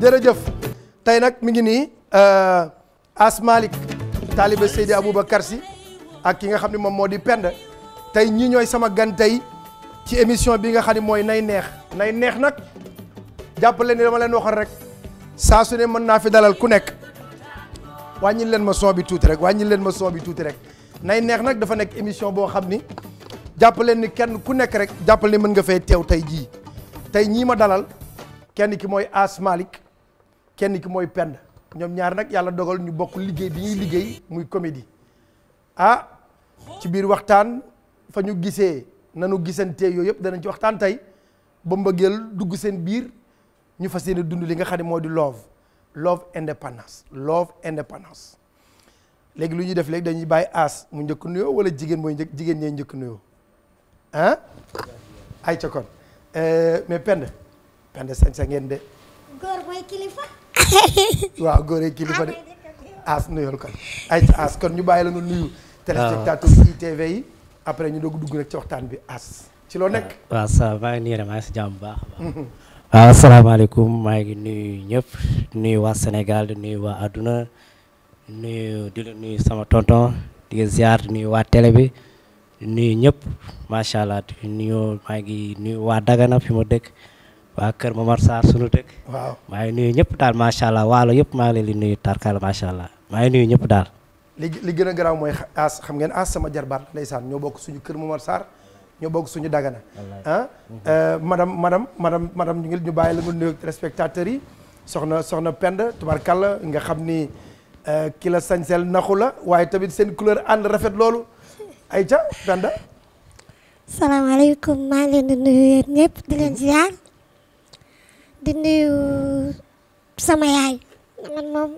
jërëjëf tey nag mi ngi nii euh, As taaliba taalibe Seydi Aboubacar Sy ak ki nga xam ne moom moo di pend tey ñii ñooy sama gan tey ci émission bii nga xam ne mooy nay neex nay neex nag jàppale ni dama leen waxoon rek saa su ne mën naa fi dalal ku nekk wàññil leen ma son bi tuuti rek wàññil leen ma son bi tuuti rek nay neex nag dafa nekk émission boo xam ni jàppaleen ni kenn ku nekk rek jàppale ni mën nga fee teew tey jii tey ñii ma dalal kenn ki mooy As Malick kenn ki mooy pend ñoom ñaar nag yàlla dogal ñu bokk liggéey bi ñuy liggéey muy comédie ah ci biir waxtaan fa ñu gisee nanu gisantee yooyu yëpp danañ ci waxtaan tey ba mbëggeel dugg seen biir ñu fas yéene dund li nga xam ne moo di love love indépendance love indépendance léegi lu ñuy def léegi dañuy bàyyi aas mu njëkk nuyoo wala jigéen mooy njëkk jigéen ñooy njëkk nuyoo ah ay ca kon euh, mais pend pend sañ sa ngeen de waaw góore kilifa de as nuyool kan ay ca kon ñu bàyyi la nga nuyu téléspectateur ITV bi as ci loo nekk waaw ça maa ngi nii si jàmm bu baax waaw asalaamaaleykum maa ñëpp nuyu waa Sénégal di nuyu waa àdduna nuyu di la nuyu sama tonton di ziar di nuyu waa télé bi nuyu ñëpp macha allah nuyu maa waa Dagana fi dëkk waa Kër Momar sar sunu dëkk. waaw may nuyu ñep dal ma sha allah walu yep ma leen nuyu tarkal sha allah may nuyu ñep dal li li as xam ngeen as sama jarbar ndaysan ño bok suñu Kër Momar sar ño bok suñu Dagana. Ah, euh madam, madam, madam, madam ñu ngi ñu bàyyi la nga nuyu respectateurs yi soxna soxna Pend tubarkal nga xam ni eh, ki la sañsel naxu la waaye tamit seen couleur and rafet loolu ayca Penda. salaamaaleykum maa ngi leen nuyu di nuyu sama yaay man moom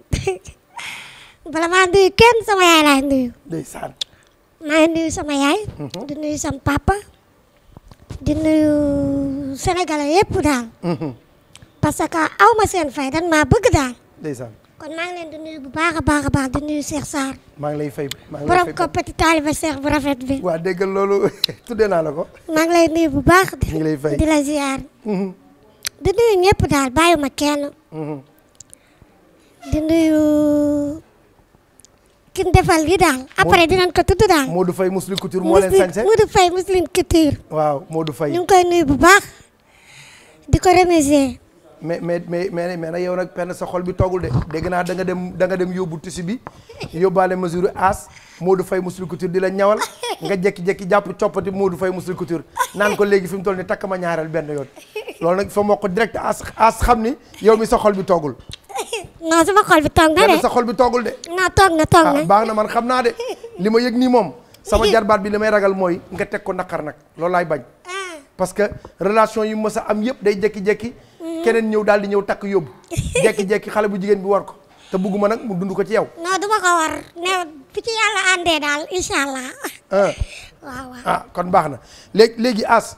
bala maa nuyu kenn sama yaay laay nuyu. ndeysaan. maa ngi nuyu sama yaay. di mm-hmm. nuyu sama papa. di nuyu sénégalais yëpp eh, daal. Mm-hmm. parce que aw ma seen fay dan maa bëgg daal. ndeysaan. kon maa ngi leen di nuyu bu baax baax baax di nuyu Cheikh Sarr. maa ngi lay fay maa ngi lay fay borom bi. waa dégg loolu tuddee naa la ko. maa nuyu bu baax. di la ziar. Mm-hmm. di nuyu ñëpp daal bàyyiwuma kenn. Mhm. di nuyu kin defal yi daal. après dinañ ko tudd daal. Modou Faye Muslim Couture moo leen sañse Muslim Couture. waaw Modou Faye ñu ngi koy nuyu bu baax di ko remercier. mais mais mais mais mais nag yow nag penn sa xol bi toogul de dégg naa danga dem da dem yóbbu tissu bi yóbbaale mesure as. Modou Faye Muslim Couture di la ñawal nga jekki-jekki jàpp coppati Modou Faye Muslim Couture naan ko léegi fi mu toll ni takk ma ñaareel benn yoon loolu nag fa moo ko direct as as xam ni yow mi sa xol bi toogul non sama xol bi toog na sa xol bi toogul de non toog na toog na ah, baax na man xam naa de li ma yëg nii moom sama jarbaat bi li may ragal mooy nga teg ko naqar nag loolu laay bañ ah. parce que relation yu mës a am yëpp day jekki-jekki mm. keneen ñëw daal di ñëw takk yóbbu jekki-jekki xale bu jigéen bi war ko te bugguma nag mu dund ko ci yow bu ci yàlla àndee daal incha allah. Eh. ah kon baax na léegi léegi as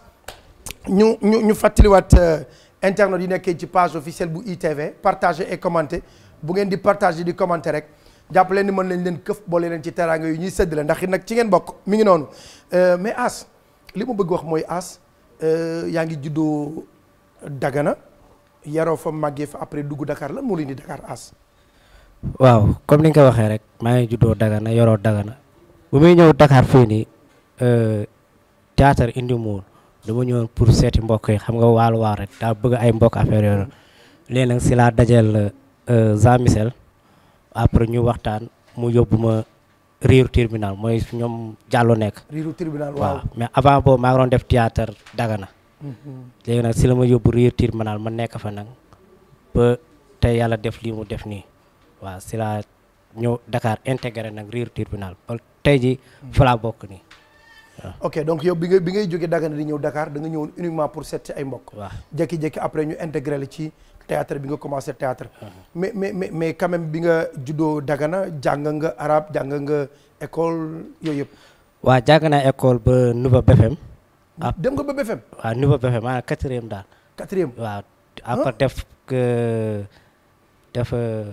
ñu ñu ñu fàttaliwaat euh, internet yi nekkee ci page officielle bu ITV partage et commenté bu ngeen di partage di commenté rek jàpp leen ni mën nañ leen këf boole leen ci teraanga yu ñuy séddale ndax it nag ci ngeen bokk mi ngi noonu euh, mais as li ma bëgg wax mooy as euh, yaa ngi juddoo Dagana yaroo fa màggee fa après dugg Dakar lan moo leen di Dakar as. waaw comme ni nga ko waxee rek maa ngi juddoo Dagana yoroo Dagana bu may ñëw Dakar fii nii euh, théâtre indi mu woon dama ñëwoon pour seeti mbokk yi xam nga waalo waal rek daa bëgg ay mbokk affaire yooyu léegi nag si laa dajeel euh, Jean Michel après ñu waxtaan mu yóbbu ma riiru tribunal mooy ñoom jàllu nekk. riiru tribunal waaw mais avant boobu maa ngi doon def théâtre Dagana. Mm-hmm. léegi nag si la ma yóbbu riiru tribunal ma nekk fa nag ba tey yàlla def lii mu def nii. wa sila la ñëw Dakar intégrer nak rire tribunal ba tey ji fala bok ni ok donc yow bi ngay bi ngay joggé Dagana di ñew Dakar da nga ñew uniquement pour seet ay mbokk. waaw jeki jékki après ñu intégrer ci théâtre bi nga commencer théâtre. mais mais mais mais quand même bi nga juddoo Dagana jang nga arab jang nga école yooyu yëpp. waaw jàng école ba nouveau BFM. dem nga ba BFM. wa nouveau BFM 4e dal 4e wa après def euh, def. Euh,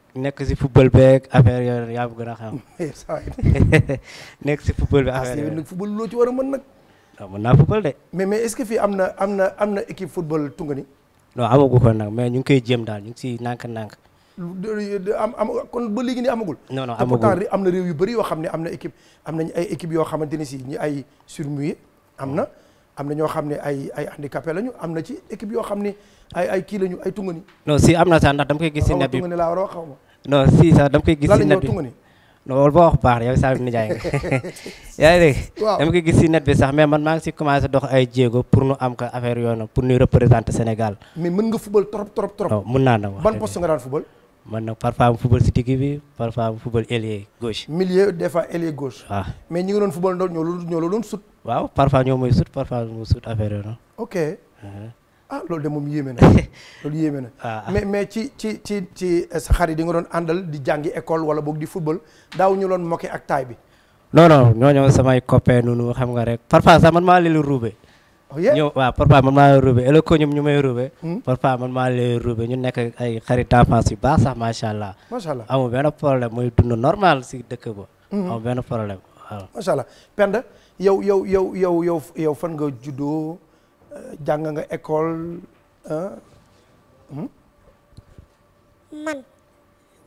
nekk si football beeg affaire yooyu yaa bëgg a xam. nekk si football bi affaire yooyu. football loo ci war a mën nag. waaw ah, mën naa football mais est-ce que fii am na am na am na équipe football Tungani. non amagu ko nag mais ñu ngi koy jéem daal ñu ngi si nànk-nànk. am am kon ba léegi ni amagul. non non amagul te am na réew yu bëri yoo xam ne am na équipe am nañu ay équipe yoo xamante ne si ñu ay surmouillé am na. am na ñoo xam ne ay ay lañu am na ci équipe yoo xam ne ay kii lañu ay tungani. non si am na sax ndax dama koy gis. si net bi tungani laa war a ma. boo wax baax na yow saa yu nijaay nga dama koy gis si net bi sax mais man maa ngi si commencé dox ay jéego pour nu am ko affaire yoonam pour nu représenter Sénégal. mais mën nga fubal trop trop trop. waaw naa na wax ban poste nga daan fubal. man nag parfois mu football si digg bi parfois mu football ailier gauche. waaw parfois ñoo mooy sut parfois moo sut affaire yooyu noonu. ok uh-huh. ah loolu de moom yéeme na loolu yéeme na. waaw ah. mais mais ci ci ci ci sa xarit di nga doon àndal di jàngi école wala boog di football daaw ñu loon moqué ak taay bi. non non ñooñu samay copains noonu xam nga rek parfois sax man maa leen ruube. Oh, ñëw waaw parfois ñu may hmm? ruube. ñu nekk ay xarit d'enfance yu baax sax macha allah. macha allah amul benn problème muy dund normal si dëkk ba. Hmm. amul benn problème waaw. allah Penda. yow yow yow yow yow yow fan nga judo eh, jang nga école hein eh? hmm? man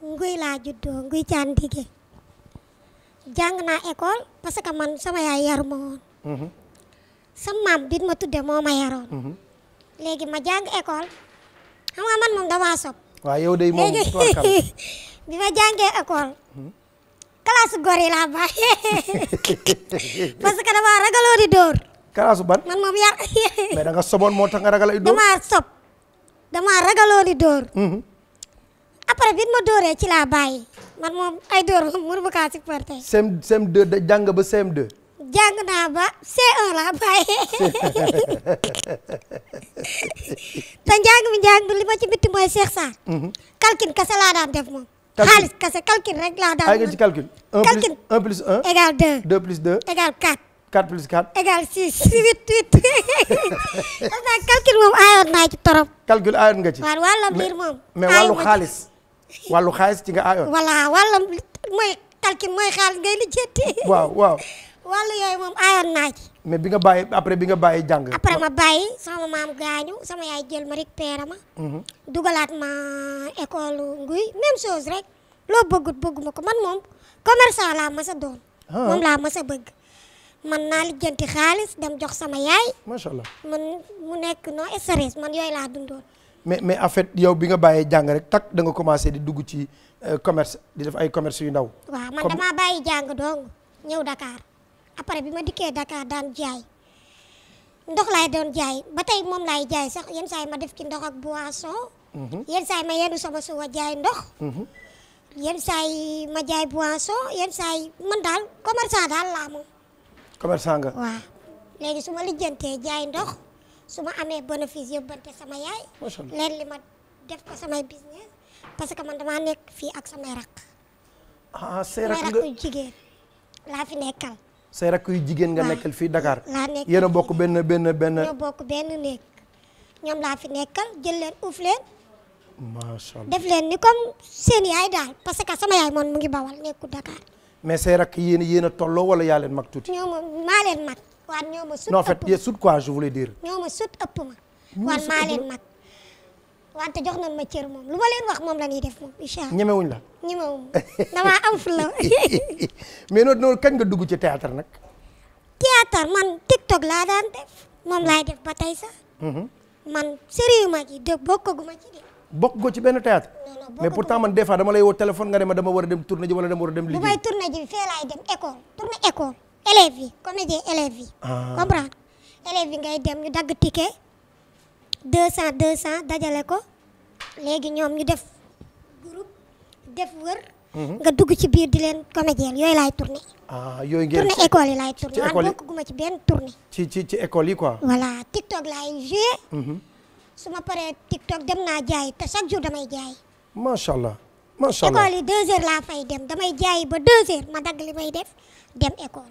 nguy la judo nguy caan dige jang na école parce que man sama yaay yar ma hmm sama mam bit ma tudde mo ma yaron hmm léegi ma jang école xam nga man moom damaa sob wa yow day moom léegi bi ma jangé école mm-hmm kelas gorila apa? Pas kada marah kalau tidur. Kalau suban. mana mau biar. Beda ke ya, mau tengah kalau tidur. Demar sob. Demar kalau tidur. Apa lebih mau tidur ya cila bayi? Man mau tidur umur bekasi partai. Sem sem de jangga be sem de. Jangga naba se eh, apa ya? Tanjang menjang beli cipit itu mau siksa. Mm-hmm. Kalkin kesalahan defmu. xaalis kese calcul rek laa daan. calcul ay plus 1 égale 2. naa ci torop. calcul aayoon nga ci. waaw wàllu mbir moom. mais wàllu xaalis. wàllu xaalis ci nga aayoon. voilà mooy calcul mooy xaalis ngay lijjanti. waaw waaw. moom aayoon naa ci. mais bi nga bàyyi après bi nga bàyyi jàng. après ma bàyyi sama maam gaañu sama yaay jël ma récupéré ma. Mhm. dugalaat ma école nguy même chose rek loo bëggut bëgguma ko man moom commerçant laa mas a doon. Ah. moom laa mas a bëgg. man naa lijjanti xaalis dem jox sama yaay. macha allah man mu nekk non stress man yooyu laa dundoon. mais mais en fait yow bi nga bàyyee jàng rek tak danga nga commencé di dugg ci euh, commerce di def ay commerce yu ndaw. waaw man damaa bàyyi jàng après bi ma dikkee Dakar daan jaay ndox laay doon jaay ba tey moom laay jaay sax yenn saa ma def ci ndox ak boisson. Mhm. yenn saa yi ma yenn sama jaay ndox. Mhm. yenn saa yi ma jaay boisson yenn saa yi man daal commerçant daal laa moom. commerçant nga léegi su ma lijjantee jaay ndox su ma amee bénéfice yóbbante sama yaay. leen li ma def ko samay business parce que man damaa nekk fii ak samay rakk. ah say jigéen laa fi nekkal. say rakk yu jigéen nga nekkal fii dakaar yéen a bokk benn benn benn. ñoo bokk benn néeg ñoom laa fi nekkal jël uuf leen. def leen ni comme seen yaay daal parce que sama yaay moom mu ngi bawal nekku Dakar. mais say rakk yéen a yéen a tolloo wala yaa leen mag tuuti. ñoo ma maa leen mag. waaw ñoo sut ëpp non en mag. wante jox nañ ma cër moom lu ma leen wax moom la ñuy def moom incha allah ñemewuñ la ñemewuñ damaa am fula mais noonu kañ nga dugg ci théâtre nag théâtre man tiktok laa daan def moom laay def ba tey sax mhm. man sérieux ma ci de bokk go ci benn théâtre mais pourtant man des fois dama lay woo téléphone nga ne ma dama war a dem tournée ji wala dama war a dem liggéey bu may tournée ji fee laay dem école tournée école élèves yi comédien ah. élèves yi ngay dem ñu dagg ticket 200 200 dajale ko léegi ñoom ñu def groupe def wër. Mhm. nga dugg ci biir di leen comédien yooyu laay tourné. ah yooyu école yi laay tourné. ci école yi bokk guma ci benn tourné. ci ci ci école yi quoi. voilà TikTok laay joué. Mhm. su ma paree TikTok dem naa jaay te chaque jour damay jaay. macha allah macha allah école yi 2 heures laa fay dem damay jaay ba 2 heures ma dagg li may def dem école.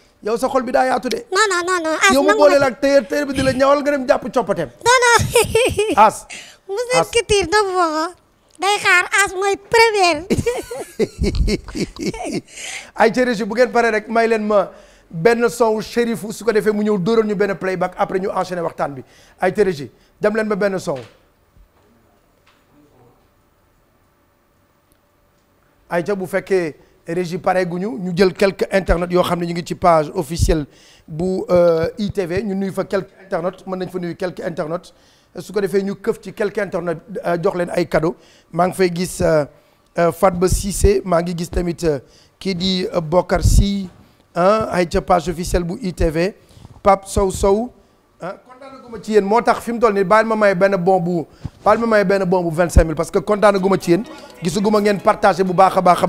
yow sa bi daa yaatu de. non non non non mu boole la ak téer bi di la ñawal nga dem jàpp coppateem. non non. as as monsieur Couture doomu ko day xaar as mooy première. ay chéri bu ngeen pare rek may leen ma benn son shérif su ko defee mu ñëw dóoroon ñu benn playback après ñu enchaîner waxtaan bi ay chéri dem leen ma benn son. ay ca bu fekkee. régie pare nous ñu quelques internautes yo xamné page officielle bu euh, ITV Nous nuyu fa quelques internautes mën nañ quelques internautes su ko ñu keuf ci quelques internautes euh, jox leen ay cadeaux ngi fay gis euh, Fatba Cissé ngi hein, page officielle bu ITV Pape Sow Sow hein, ma ci yéen moo tax fi mu toll ma may ben bon bal ma may ben bon 25000 parce que contane guma ma ci yéen gisuguma ngeen partagé bu baax a baax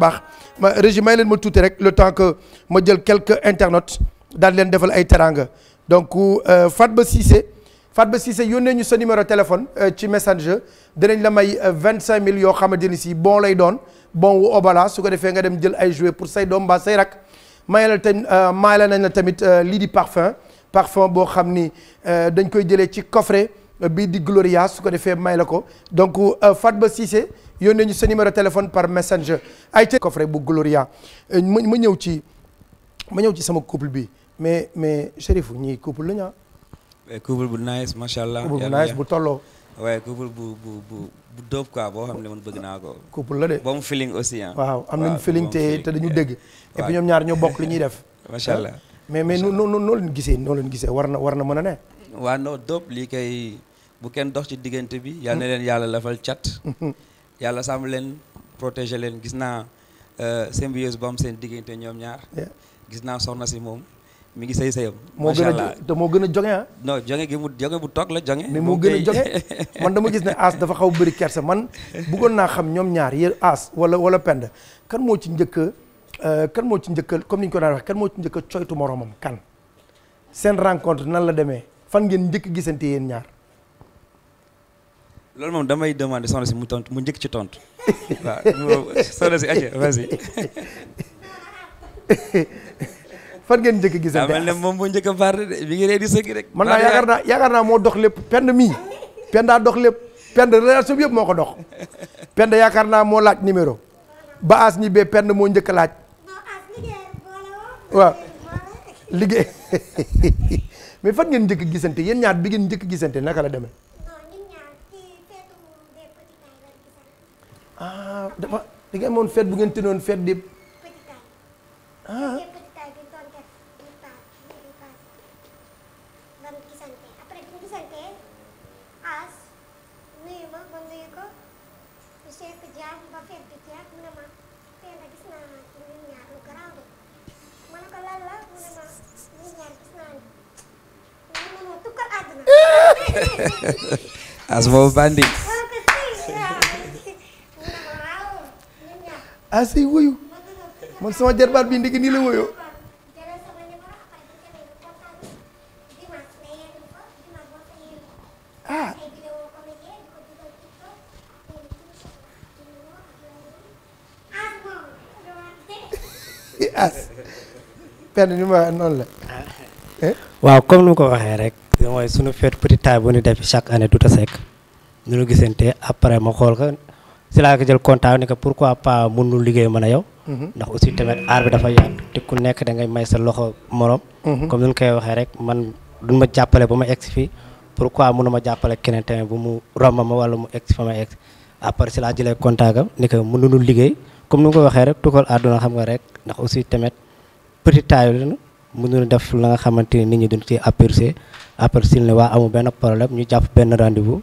ma régi may leen ma rek le temps que ma jël quelques internautes dal len defal ay teranga donc euh, Fatba Cissé Fatba Cissé yónnee ñu sa numéro téléphone euh, ci messenger dinañ la may 25000 euh, yo mille ni si bon lay don bon wu obala su ko defé nga dem jël ay jouer pour say doom mbaa say rak mayal tan tamit mayal nañ la tamit lii di parfum parfum bo xamni ni euh, dañ koy jëlee ci coffret euh, bi di Gloria su ko defee may la ko donc euh, Fatba Cissé yónnee ñu sa numéro téléphone par messenger ay ca coffret bu Gloria ma ma ci ma ñëw ci sama couple bi mais mais Chérif ñii couple la ah. couple bu nice machallah couple bu nice bu tolo ouais couple bu bu bu bu dope quoi bo xamné man bëgg naa ko couple la dé ba feeling aussi hein waaw am nañu feeling té té dañu dégg et puis ñoom ñaar ñoo bok li ñuy def machallah mais mais noo noo noo leen gisee noo leen gisee war na war na mën a ne. waaw non dóob lii kay bu kenn dox ci diggante bi. yal na leen yàlla lafal cat. yàlla sàmm leen protéger leen gis naa euh, symbiose bu am seen diggante ñoom ñaar. gis naa soxna si moom. mu ngi say sayam. moo gën a te gën a joŋe ah. non gi mu joŋe bu toog la joŋe. mais moo gën a joŋe man dama gis ne As dafa xaw bëri kersa man bëggoon naa xam ñoom ñaar yéen As wala wala pend kan moo ci njëkk Eh, kan mo ci njëkk comme niñ ko daal wax kan mo ci njëkk a coytu moromam kan sen rencontre nan la démé fan ngeen njëkk gisante yeen ñaar. lool mom damay demander sonna ci mu tont mu njëkk ci tont sonna ci aké vas-y. fan ngeen njëkk gisante ah mel ne moom moo njëkk a baar de ngi ree di sëgg rek. man na yaakar na yaakar na mo dox lepp pend mi pend da dox lepp pend relation bi yëpp moko dox pend yaakar na mo laaj numéro ba as ñi bee pend moo njëkk laaj. waaw liggéey mais fan ngeen njëkk gisante yéen ñaar bi ngeen njëkk gisante naka la demee. ah dafa da ngeen amoon fête bu ngeen tënoon fête de ah. Asmau banding. Asih wuyu. Man sama jarbaat bindi gini lu wuyu. Ah. As. Penn kan ni ma non ya? Eh? waaw comme nu ko waxee rek mooy suñu feet petit taay bu ñu def chaque année du ta sec nu ñu gisante après ma xool ko si laa ko jël contact ni que pourquoi pas mun nu liggéey mën a mhm. ndax aussi tamit dafa yaatu ku nekk da ngay may sa loxo morom mhm. comme nuñ koy waxee rek man duñ ma jàppale ba ma egsi fii pourquoi mënu ma jàppale keneen tamit bu mu romb ma wala mu egsi fa ma egsi après laa jëlee contact am mën nu liggéey comme nu ko waxee rek tukkal àdduna xam nga rek ndax aussi tamit petit taay la mu mënul def la nga xamante ni nit ñi duñ ci apprécier apprécier ne waa amul benn problème ñu jàpp benn rendez-vous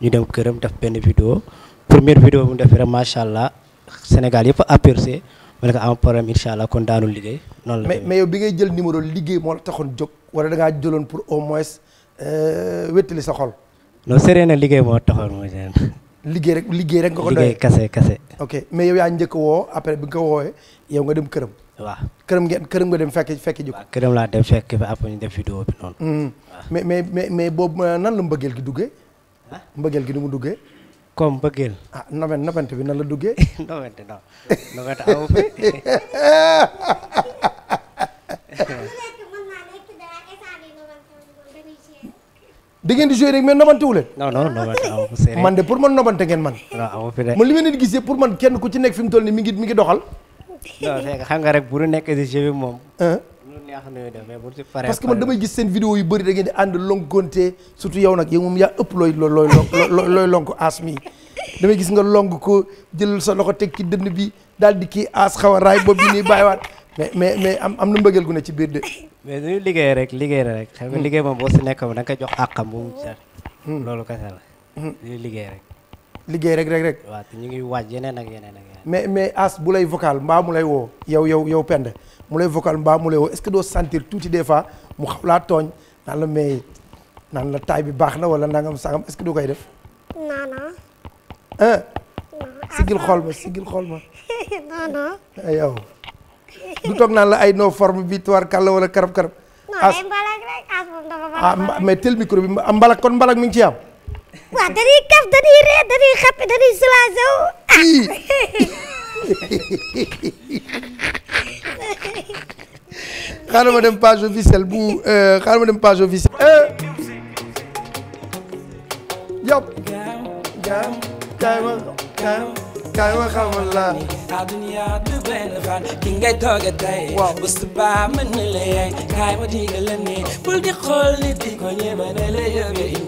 ñu dem këram def benn vidéo première vidéo bu mu def rek macha allah Sénégal yëpp apprécier mu ne ko am problème incha allah kon daanul liggéey. noonu mais mais bi ngay jël numéro liggéey moo la taxoon jog wala da ngaa jëloon pour au moins euh, wéttali sa xol. non sérée na liggéey moo taxoon mooy seen. liggéey rek liggéey rek nga ko doyee liggéey kase kase. mais yow yaa njëkk woo après bi nga ko woowee yow nga dem këram. waaw këram ngeen këram nga dem fekk fekk ji ko këram laa dem fekk ba après ñu def vidéo bi noonu mm. mais mais mais mais boobu euh, la mbëggeel gi duggee mbëggeel gi ni mu duggee comme mbëggeel ah, bi nan la duggee nobent non nobent amu fi da ngeen di joué rek mais nobante wu man de pour man nobante ngeen man. waaw amu gis yëpp pour man kenn ku ci nekk fi mu toll nii mi ngi mi ngi doxal non c'est que nga rek bu ñu nekk si jeu bi moom. parce que man damay gis seen vidéo yu bëri da ngeen di ànd lonkonte surtout yow nag yow moom yaa ëpp looy looy looy looy lonk aas mi damay gis nga long ko jël sa loxo teg ki dënn bi daal di ki aas xaw a raay boobu bi nii bàyyiwaat mais mais mais am am na mbëggeel gu ne ci biir de. mais dañu liggéey rek liggéey rek. xam nga hmm. liggéey moom boo si nekk da nga koy jox àqam bu mu jar. Hmm. loolu kese la. Hmm. dañuy liggéey rek. liggéey rek rek rek. wa ñu ngi waaj yeneen ak yenen ak mais mais as bu lay vocal mba mu lay wo yow yow yow pend mu lay vocal mba mu lay wo est-ce que doo sentir touti des fois mu xaw la togn nan la mais nan la tay bi baax na wala nangam sangam est-ce que du koy def. non non. ah. sigil xol ma sigil xol ma. non non. yow du tok nan la ay no forme bi tuwaar kàlla wala karab karab. as non ay mbalak rek as moom dafa ah mais tel micro bi mbalak kon mbalak mi ngi ci am. waaw dañuy kaf dañuy ree dañuy xappi dañuy soulagé wu xaaral ma dem page officielle bu xaaral ma dem page officielle euh. yop gaam kaay ma kaay kaay ma xamal la adduna du benn fan ki ngay tooge tey waaw bu subaa mën na la yaay kaay ma digal la nii bul di xool nit di ko ñeema ne la yëge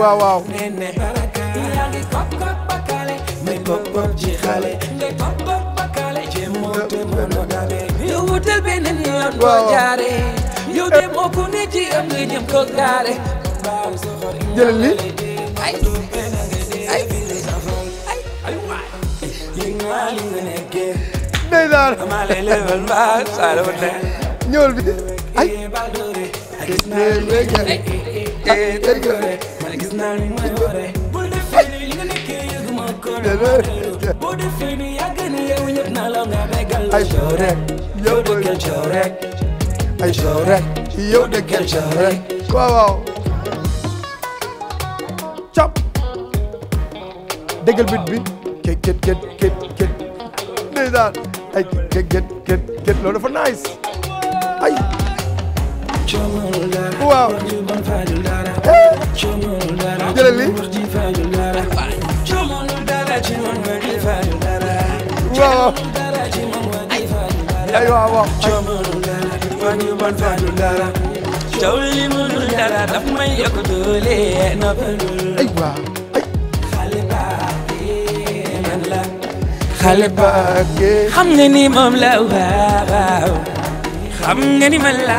waaw waaw nene yaa ngi kop kop bakale may kop kop ji xale ngay kop kop bakale jéem moo te mënoo dabe yow jaare yow de moo ku ne ci am ko gaare jëlal ay ay waay li nga li nga nekkee day daal ma lay lebal mbaa saa la wute ñëwal bi man gis naa li may waree. boo defee ni li nga nekkee yëgu ma ko la. boo defee ni yàgg na yow la waaw. jëlal li waaw ay waaw waaw ay waaw xale ba xam nga ni moom la waaw xam nga ni man la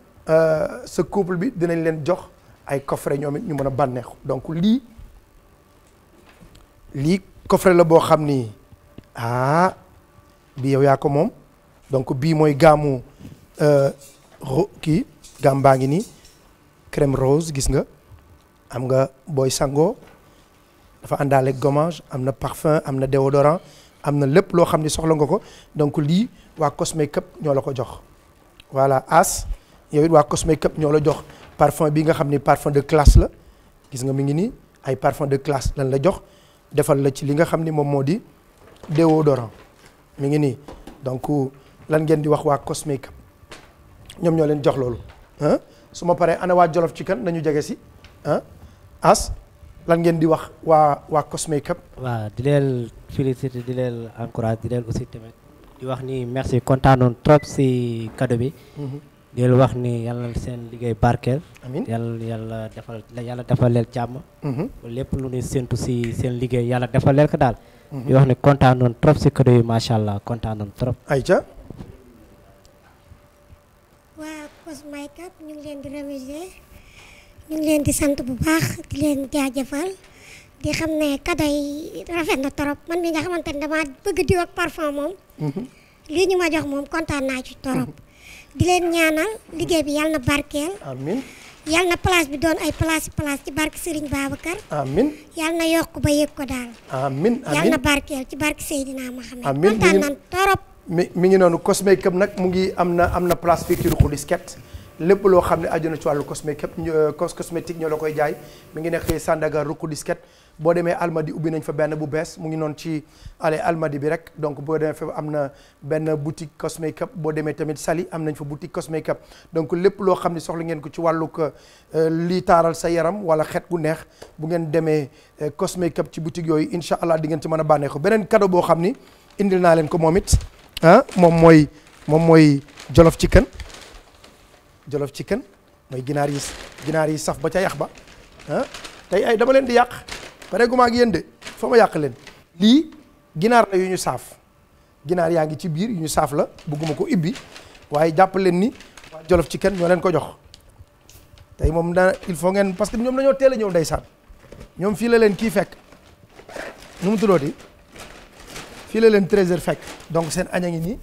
Euh, ce couple bi dinañ leen jox ay coffret ñoom ñu mën a donc lii lii coffret la boo xam ni ah bi yow yaa ko moom donc bii mooy gaamu euh, kii gaam baa ngi nii crème rose gis nga am nga booy sangoo dafa àndaale gommage am na parfum am na déodorant am na lépp loo xam ni soxla nga ko donc lii waa Cosmecap ñoo la ko jox voilà as yow it waa Cosmakeup ñoo la jox parfum bi nga xamni parfum de classe la gis nga mi ngi ni ay parfum de classe lan la jox defal la ci li nga xamni ni modi moo déodorant mi ngi ni donc lan ngeen di wax ñom ñoo leen jox lolu ah suma paré ana wa jollof ci kan nañu jégé si ah as lan ngeen di wax wa waa Cosmakeup wa di leel féliciter di leel encourager di leel aussi tamit di wax ni merci kontaanoon trop si cadeau bi mhm. Mhm. Mhm. di wax ni yalla sen ligay barkel amin yalla yalla defal yalla defal cham hmm lepp lu ni sentu ci sen ligay yalla defal leen ko dal di wax ni content non trop ci cadeau yi machallah content non noonu trop. Aïcha. wa Post My Cup ñu ngi leen di remercier ñu ngi leen di sante bu baax di leen jaajeufal di xam ne kado yi rafet na trop man mi nga xamantene dama bëgg di wax parfum moom. Mhm. lii ñu ma jox mom content na ci trop. di leen ñaanal liggéey bi yàlla na barkeel. amiin yàlla na place bi doon ay place place ci barke Serigne Babacar. amiin yàlla na yokk ba yëg ko daal. amiin amiin na barkeel ci barke Seydina Mohamed. amiin kontaan nan torop. mi mi ngi noonu Cosme Kep nag mu ngi am na am na place fii ci Ruxulis Ket lépp loo xam ne aju na ci wàllu Cosme Kep cosmétique ñoo la koy jaay mi ngi nekk Sandaga Ruxulis Ket boo demee almadi ubbi nañ fa benn bu bees mu ngi noonu ci ale almadi bi rek donc boo demee fa am na benn boutique cosmétique boo demee tamit Saly am nañ fa boutique cosmétique donc lépp loo xam ne soxla ngeen ko ci wàllug euh, lii taaral sa yaram wala xet gu neex bu ngeen demee euh, cosmétique ci boutique yooyu incha allah di ngeen ci mën a bànneexu beneen cadeau boo xam ni indil naa leen ko moom it ah moom mooy moom mooy jolof chicken jolof chicken mooy ginaar yi ginaar yi saf ba ca yax ba ah ay dama leen di yàq Pada ak yéen de fa ma Li, leen lii ginaar la yu ñu saaf ginaar ci biir yu ñu la bëgguma ko ibbi waaye ni waa Jolof ci kenn ñoo leen ko jox tey moom da il faut ngeen parce que kifek, dañoo teel filelen ñëw fek. ñoom fii la li takos fekk nu mu tuddooti fii la leen 13h fekk donc seen aña ngi nii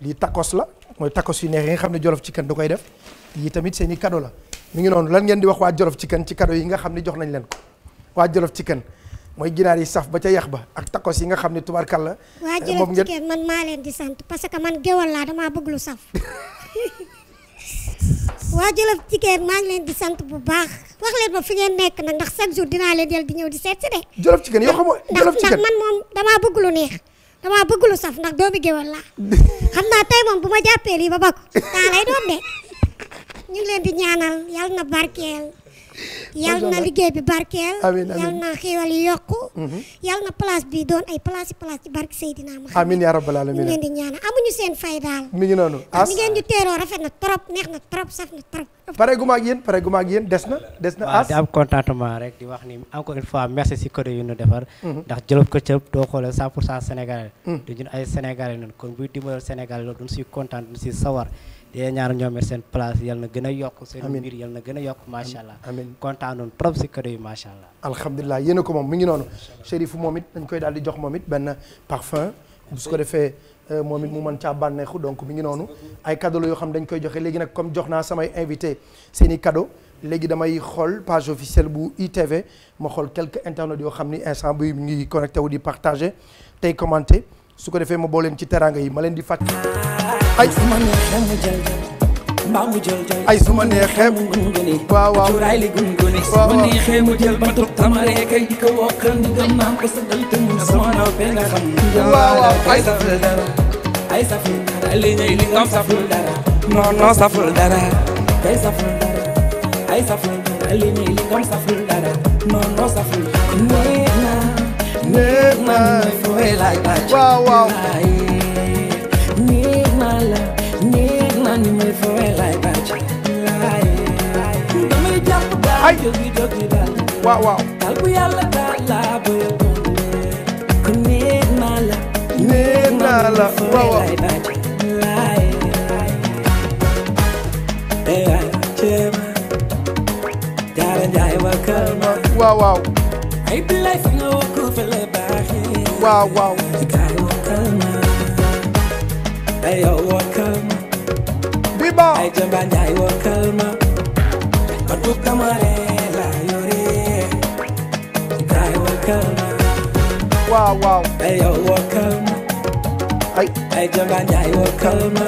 lii la mooy yu neex yi nga ci def tamit cadeau la mu ngi noonu lan ngeen di wax waa Jolof Chicken ci cadeau yi nga xam ne jox nañ leen ko waa Jolof Chicken mooy ginaar yi saf ba ca yax ba ak tacos yi nga xam ne tubaarkàlla waa eh, Jolof Chicken man maa leen di sant parce que man géwal laa damaa bëgg lu saf waa Jolof Chicken maa ngi leen di sant bu baax wax leen ma fi ngeen nekk nag ndax chaque jour dinaa leen del di ñëw di seet si de Jolof Chicken yoo xamoo Jolof Chicken ndax man moom damaa bëgg lu neex damaa bëgg lu saf ndax doomi géwal laa xam naa tey moom bu ma jàppee lii ba bokk daa lay doon de ñu ngi leen di ñaanal yàlla na barkeel yàlla na liggéey bi barkeel yàlla na xéewal yi yokku mhm. yàlla na place bi doon ay place place ci barke sayidina mu amin ya rabbal alamin ñu leen di ñaanal amuñu seen fay daal mi ngi noonu as ni ngeen ñu teeroo rafet na trop neex na trop saf na trop pare guma ak yeen pare guma ak yeen des na des na as di am contentement rek di wax ni encore une fois merci si code yu ñu defar mhm. ndax jëlof ko cëb do xoolee 100 sénégalais mhm. du ñun ay sénégalais ñun kon buy dimbalal sénégalais lo duñ siy content duñ siy sawar di ñaar ñaanal ñoom it seen place yal na gën a yokk seen mbir yal na gën a yokk macha allah amiin kontaanoon trop si cadeau yi macha allah alhamdulilah yéen a ko moom mi ngi noonu Chérif moom it dañ koy daal di jox moom it benn parfum su ko defee euh, moom it mu mën caa bànneexu donc mi ngi noonu ay cadeau la yoo xam dañ koy joxe léegi nag comme jox naa samay invité seen i cadeau léegi damay xool page officielle bu ITV ma xool quelques internautes yoo xam ni instant bu ñu ngi connecté wu di partager tey commenté su ko defee ma boo ci teranga yi ma leen di fàttali ma neexee mu jël jël mbaa mu jël jël ay su ma neexee mu gunguni waaw waaw cuuraay li gunguni su ma neexee mu jël ba tub tamaree kay di ko wokkal sa dal tëmu sama naw be nga xam waaw waaw ay saful waaw waaw and you made for a life batch. Wow, wow. Nenala, wow, wow. Wow, wow. Wow, wow. Wow, wow. ba ay jamba njaay woo kalma batu kamare la yore njaay woo kalma waaw waaw ay yow woo kalma ay ay jamba njaay woo kalma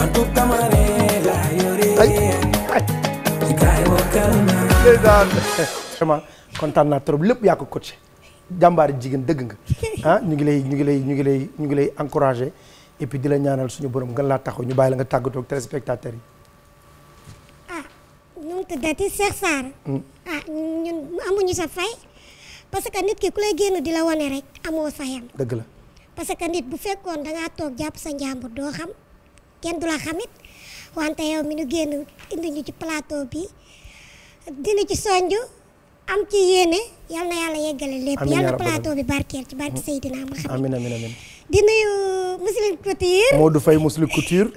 batu kamare la yore njaay woo kalma vraiment kontaan naa trop lépp yaa ko coaché jàmbaari jigéen dëgg nga ah ñu ngi lay ñu ngi lay ñu ngi lay ñu ngi lay encouragé et puis dila ñaanal suñu borom gën la taxaw ñu bayila nga tàggatoo ak téléspectateurs yi. ah ñu ko dati Cheikh sar mm. ah ñun amuñu sa fay. parce que nit ki ku lay génn di la rek amoo sa yam. dëgg la parce que nit bu fekkoon da ngaa toog jàpp sa doo xam kenn du xamit wante yow mi ñu génn indi ñu ci plateau bi dina ci sonju am ci yéene yal na yàlla yeggale lépp. yal plateau bi barkeel ci barki mm. sayidina Muhammad. amin amin amin di nuyu muslim couture Modou Faye muslim couture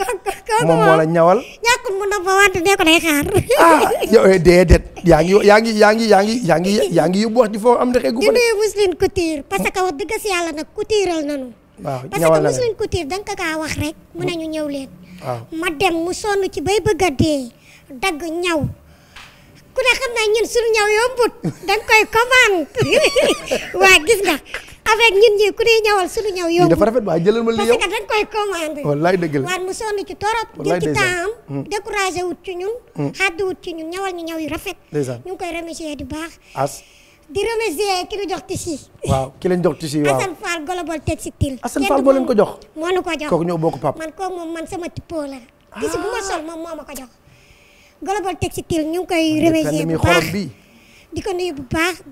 moom moo la ñawal ñàkkul mu nopp wante dee ko day xaar ah yow ya, eh, déedéet yaa Yangi, yangi, yangi, yangi, yangi, yangi, yangi, yaa wax di foofu am ndaxee gu di nuyu muslim couture parce que wax dëgg si yàlla nag coutural nanu waaw ah, parce que muslim couture da nga kaa wax rek mu nañu ñëw leen waaw ah. ma dem mu sonn ci bay bëgg a dee dagg ñaw ku ne xam naa ñun suñu ñaw yombut da koy commande waa gis nga avec ñun ñi ku ñuy ñawal suñu ñaw yóbbu dafa la waat mu sonn si torop jël ci temps am hmm. découragé wut ci ñun hmm. xaddi wut ci ñun ñawal ñu ñaw yu rafet ñu ngi koy remercier du baax as di remercier ki ñu jox tissu yi waaw ki leen jox tissu yi waaw Assane Fall Global Textile Assane Fall moo leen ko jox moo nu ko jox kooku ñëw bokk pap man kooku moom man sama tippoo la tissu bu ma ah. sol moom moo ma ko jox Global Textile ñu ngi koy remercier bu baax dikon ko nuyu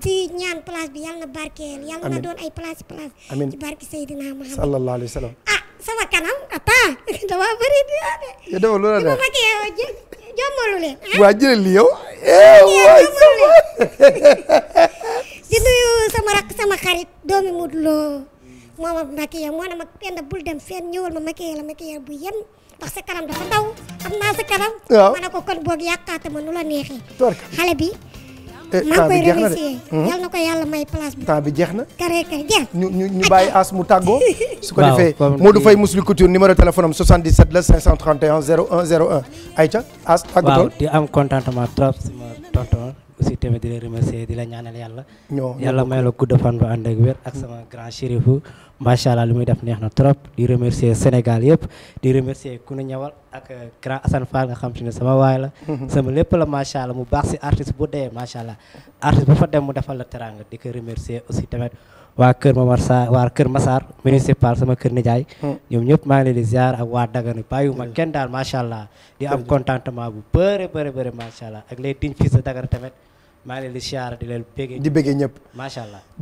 di ñaan place bi yàlla na barkeel yàlla na doon ay place place amiin ci barke Seydina Muhammad sallallahu alaihi wasallam ah sama kanam ata dama bëri di ade ya dama loola ya, da ma kee jommalu leen ah? waa jëlal li yow eh waay sama di nuyu sama rak sama xarit doomi Modou Lo moom ak makiya moo ne ma kenn bul dem fenn ñëwal ma makiya la makiya bu yem ndax sa kanam dafa ndaw am naa sa kanam ma ne ko kon boog yàqaate ma nu la xale bi Eh, temps bi jeex na de hmm? yal na ko yàlla may place bi temps jeex na kare kay jeex ñu bàyyi as mu tàggoo su ko defee Modou Faye Mously Couture numéro téléphone am 77 la 531 01 01 Aïcha as tàggatool di am contentement trop sama tonton aussi tamit di la remercier di la ñaanal yàlla yàlla may la gudd fan bu ànd ak wér ak sama grand chérifu machallah allah lu muy def neexna trop di remercier Senegal yep di remercier kuna ñawal ak euh, grand Assane Fall nga xam ci ne sama way la. sama lepp la machallah mu bax ci artiste bu dé machallah artiste bu fa dem mu defal la teranga di ko remercier aussi tamet wa keur Momar sa wa keur Massar municipal sama keur Nijaay. Hmm. ñom ñep ma ngi leen di ziar ak wa dagane ma allah. di am contentement bu beure beure beure machallah allah ak les tin fils de Dagana ngi di ziar di leen béggee. di beggé ñep machallah